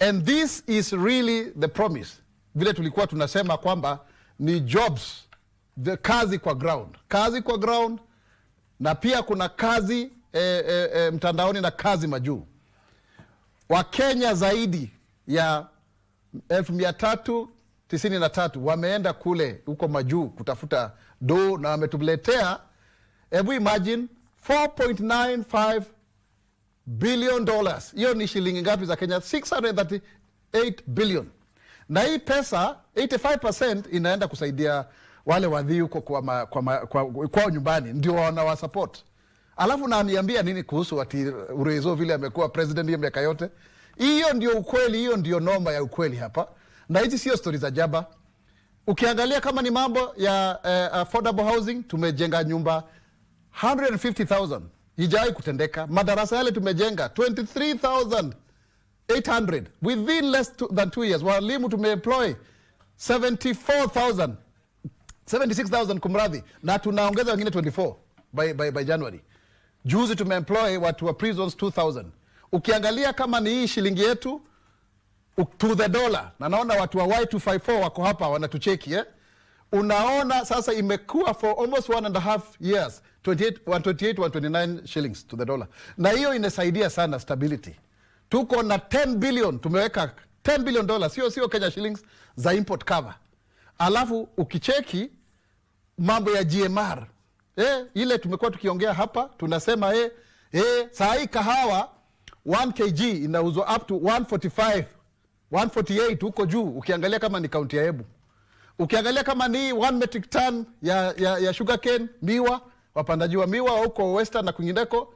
and this is really the promise, vile tulikuwa tunasema kwamba ni jobs, the kazi kwa ground, kazi kwa ground, na pia kuna kazi eh, eh, eh mtandaoni na kazi majuu. Wakenya zaidi ya elfu mia tatu tisini na tatu wameenda kule huko majuu kutafuta do na wametuletea, hebu imagine 4.95 billion dollars. Hiyo ni shilingi ngapi za Kenya? 638 billion. Na hii pesa 85% inaenda kusaidia wale wadhii huko kwao kwa ma, kwa, kwa nyumbani ndio support. Alafu naniambia nini kuhusu ati Urezo vile amekuwa president hiyo miaka yote? Hiyo ndio ukweli, hiyo ndio noma ya ukweli hapa, na hizi sio stori za jaba. Ukiangalia kama ni mambo ya uh, affordable housing, tumejenga nyumba 150,000 ijawai kutendeka. Madarasa yale tumejenga 23800 within less to, than two years. Walimu tumeemploy 74000 76000 kumradhi, na tunaongeza wengine 24 by, by, by January. Juzi tumeemploy watu wa prisons 2000. Ukiangalia kama ni hii shilingi yetu to the dollar, na naona watu wa Y254 wako hapa wanatucheki eh? Unaona sasa imekuwa for almost one and a half years 28, 128, shillings to the dollar, na hiyo inasaidia sana stability. Tuko na 10 billion, tumeweka 10 billion dollars, sio sio Kenya shillings za import cover. Alafu ukicheki mambo ya GMR eh, ile tumekuwa tukiongea hapa tunasema eh, eh, saa hii kahawa 1 kg inauzwa up to 145 148 huko juu, ukiangalia kama ni kaunti ya Embu, ukiangalia kama ni 1 metric ton ya, ya, ya sugarcane miwa wapandaji wa miwa huko Western na kwingineko,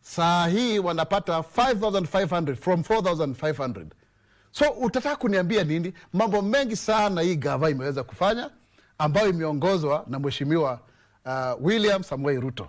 saa hii wanapata 5500 from 4500. So utataka kuniambia nini? Mambo mengi sana hii gava imeweza kufanya ambayo imeongozwa na mweshimiwa uh, William Samuel Ruto.